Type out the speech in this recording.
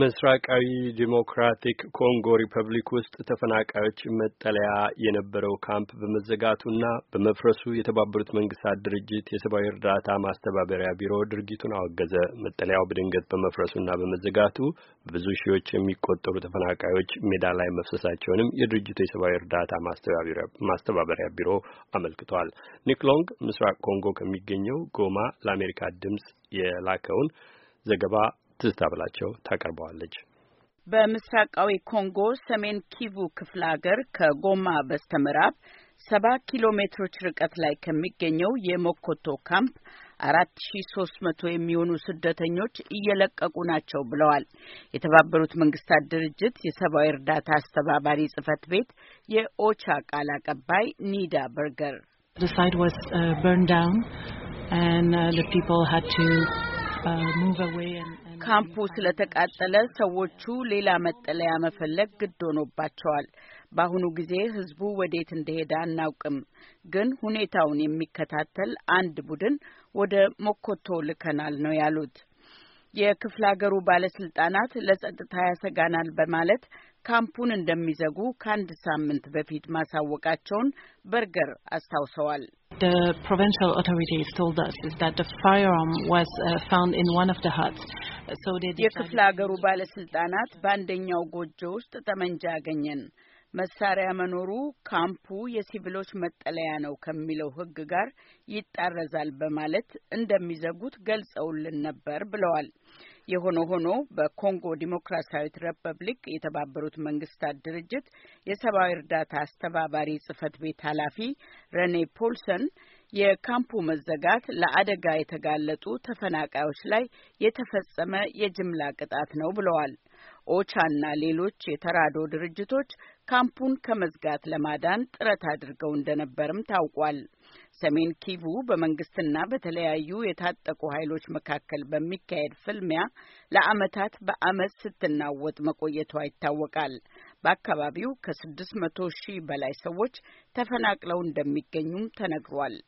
ምስራቃዊ ዲሞክራቲክ ኮንጎ ሪፐብሊክ ውስጥ ተፈናቃዮች መጠለያ የነበረው ካምፕ በመዘጋቱና በመፍረሱ የተባበሩት መንግስታት ድርጅት የሰብአዊ እርዳታ ማስተባበሪያ ቢሮ ድርጊቱን አወገዘ። መጠለያው በድንገት በመፍረሱና በመዘጋቱ ብዙ ሺዎች የሚቆጠሩ ተፈናቃዮች ሜዳ ላይ መፍሰሳቸውንም የድርጅቱ የሰብአዊ እርዳታ ማስተባበሪያ ቢሮ አመልክቷል። ኒክሎንግ ምስራቅ ኮንጎ ከሚገኘው ጎማ ለአሜሪካ ድምጽ የላከውን ዘገባ ትዝታ ብላቸው ታቀርበዋለች። በምስራቃዊ ኮንጎ ሰሜን ኪቩ ክፍለ ሀገር ከጎማ በስተ ምዕራብ ሰባ ኪሎ ሜትሮች ርቀት ላይ ከሚገኘው የሞኮቶ ካምፕ አራት ሺ ሶስት መቶ የሚሆኑ ስደተኞች እየለቀቁ ናቸው ብለዋል የተባበሩት መንግስታት ድርጅት የሰብአዊ እርዳታ አስተባባሪ ጽህፈት ቤት የኦቻ ቃል አቀባይ ኒዳ በርገር Uh, ካምፑ ስለተቃጠለ ሰዎቹ ሌላ መጠለያ መፈለግ ግድ ሆኖባቸዋል። በአሁኑ ጊዜ ህዝቡ ወዴት እንደሄደ አናውቅም፣ ግን ሁኔታውን የሚከታተል አንድ ቡድን ወደ ሞኮቶ ልከናል ነው ያሉት። የክፍለ ሀገሩ ባለስልጣናት ለጸጥታ ያሰጋናል በማለት ካምፑን እንደሚዘጉ ከአንድ ሳምንት በፊት ማሳወቃቸውን በርገር አስታውሰዋል። The provincial authorities told us is that the firearm was uh, found in one of the huts. So they የክፍለ ሀገሩ ባለስልጣናት በአንደኛው ጎጆ ውስጥ ጠመንጃ አገኘን። መሳሪያ መኖሩ ካምፑ የሲቪሎች መጠለያ ነው ከሚለው ሕግ ጋር ይጣረዛል በማለት እንደሚዘጉት ገልጸውልን ነበር ብለዋል። የሆነ ሆኖ በኮንጎ ዲሞክራሲያዊት ሪፐብሊክ የተባበሩት መንግስታት ድርጅት የሰብአዊ እርዳታ አስተባባሪ ጽህፈት ቤት ኃላፊ ረኔ ፖልሰን የካምፑ መዘጋት ለአደጋ የተጋለጡ ተፈናቃዮች ላይ የተፈጸመ የጅምላ ቅጣት ነው ብለዋል። ኦቻና ሌሎች የተራዶ ድርጅቶች ካምፑን ከመዝጋት ለማዳን ጥረት አድርገው እንደነበርም ታውቋል። ሰሜን ኪቡ በመንግስትና በተለያዩ የታጠቁ ኃይሎች መካከል በሚካሄድ ፍልሚያ ለአመታት በአመፅ ስትናወጥ መቆየቷ ይታወቃል። በአካባቢው ከስድስት መቶ ሺህ በላይ ሰዎች ተፈናቅለው እንደሚገኙም ተነግሯል።